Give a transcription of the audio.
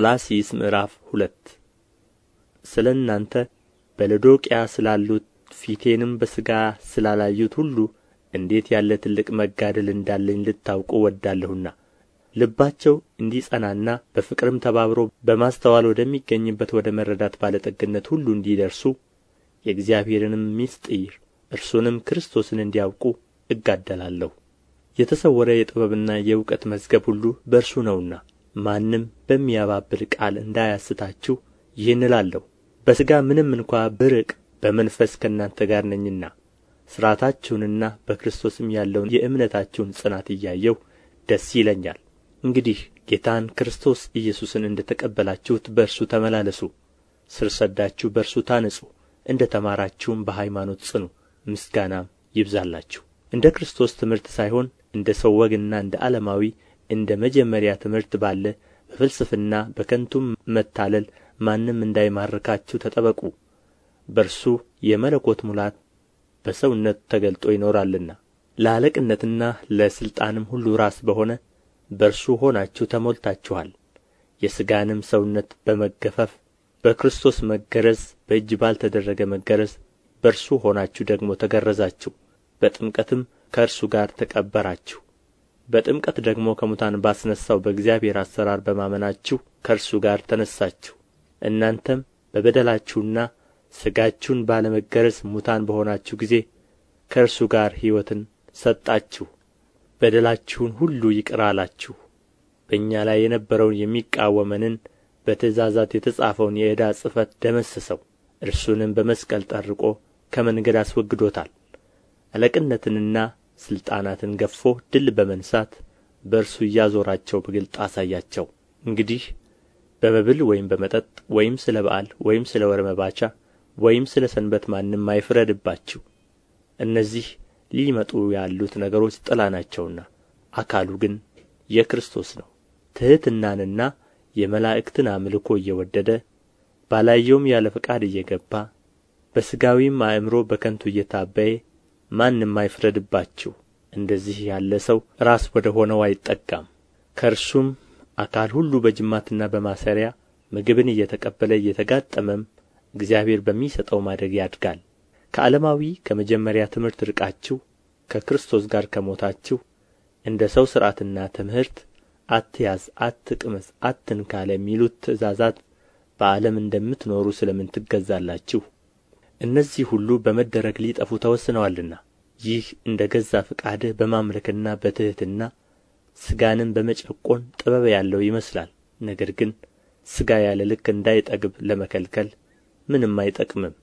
ቆላስይስ ምዕራፍ ሁለት ስለ እናንተ በሎዶቅያ ስላሉት ፊቴንም በሥጋ ስላላዩት ሁሉ እንዴት ያለ ትልቅ መጋደል እንዳለኝ ልታውቁ ወዳለሁና ልባቸው እንዲጸናና በፍቅርም ተባብሮ በማስተዋል ወደሚገኝበት ወደ መረዳት ባለጠግነት ሁሉ እንዲደርሱ የእግዚአብሔርንም ምስጢር እርሱንም ክርስቶስን እንዲያውቁ እጋደላለሁ የተሰወረ የጥበብና የእውቀት መዝገብ ሁሉ በእርሱ ነውና ማንም በሚያባብል ቃል እንዳያስታችሁ ይህን እላለሁ በሥጋ ምንም እንኳ ብርቅ በመንፈስ ከእናንተ ጋር ነኝና ሥርዓታችሁንና በክርስቶስም ያለውን የእምነታችሁን ጽናት እያየሁ ደስ ይለኛል። እንግዲህ ጌታን ክርስቶስ ኢየሱስን እንደ ተቀበላችሁት በእርሱ ተመላለሱ፣ ስር ሰዳችሁ በእርሱ ታነጹ፣ እንደ ተማራችሁም በሃይማኖት ጽኑ፣ ምስጋናም ይብዛላችሁ። እንደ ክርስቶስ ትምህርት ሳይሆን እንደ ሰው ወግና እንደ ዓለማዊ እንደ መጀመሪያ ትምህርት ባለ በፍልስፍና በከንቱም መታለል ማንም እንዳይማርካችሁ ተጠበቁ በእርሱ የመለኮት ሙላት በሰውነት ተገልጦ ይኖራልና ለአለቅነትና ለሥልጣንም ሁሉ ራስ በሆነ በእርሱ ሆናችሁ ተሞልታችኋል። የሥጋንም ሰውነት በመገፈፍ በክርስቶስ መገረዝ በእጅ ባልተደረገ መገረዝ በእርሱ ሆናችሁ ደግሞ ተገረዛችሁ፣ በጥምቀትም ከእርሱ ጋር ተቀበራችሁ በጥምቀት ደግሞ ከሙታን ባስነሣው በእግዚአብሔር አሰራር በማመናችሁ ከእርሱ ጋር ተነሳችሁ። እናንተም በበደላችሁና ሥጋችሁን ባለመገረዝ ሙታን በሆናችሁ ጊዜ ከእርሱ ጋር ሕይወትን ሰጣችሁ በደላችሁን ሁሉ ይቅር አላችሁ በእኛ ላይ የነበረውን የሚቃወመንን በትእዛዛት የተጻፈውን የዕዳ ጽሕፈት ደመሰሰው እርሱንም በመስቀል ጠርቆ ከመንገድ አስወግዶታል አለቅነትንና ሥልጣናትን ገፎ ድል በመንሣት በእርሱ እያዞራቸው በግልጥ አሳያቸው እንግዲህ በመብል ወይም በመጠጥ ወይም ስለ በዓል ወይም ስለ ወር መባቻ ወይም ስለ ሰንበት ማንም አይፍረድባችሁ እነዚህ ሊመጡ ያሉት ነገሮች ጥላ ናቸውና አካሉ ግን የክርስቶስ ነው ትሕትናንና የመላእክትን አምልኮ እየወደደ ባላየውም ያለ ፈቃድ እየገባ በሥጋዊም አእምሮ በከንቱ እየታበየ ማንም አይፍረድባችሁ እንደዚህ ያለ ሰው ራስ ወደ ሆነው አይጠጋም ከእርሱም አካል ሁሉ በጅማትና በማሰሪያ ምግብን እየተቀበለ እየተጋጠመም እግዚአብሔር በሚሰጠው ማደግ ያድጋል ከዓለማዊ ከመጀመሪያ ትምህርት ርቃችሁ ከክርስቶስ ጋር ከሞታችሁ እንደ ሰው ሥርዓትና ትምህርት አትያዝ፣ አትቅመስ፣ አትንካ ለሚሉት ትእዛዛት በዓለም እንደምትኖሩ ስለ ምን ትገዛላችሁ? እነዚህ ሁሉ በመደረግ ሊጠፉ ተወስነዋልና ይህ እንደ ገዛ ፈቃድህ በማምለክና በትሕትና ሥጋንም በመጨቆን ጥበብ ያለው ይመስላል ነገር ግን ሥጋ ያለ ልክ እንዳይጠግብ ለመከልከል ምንም አይጠቅምም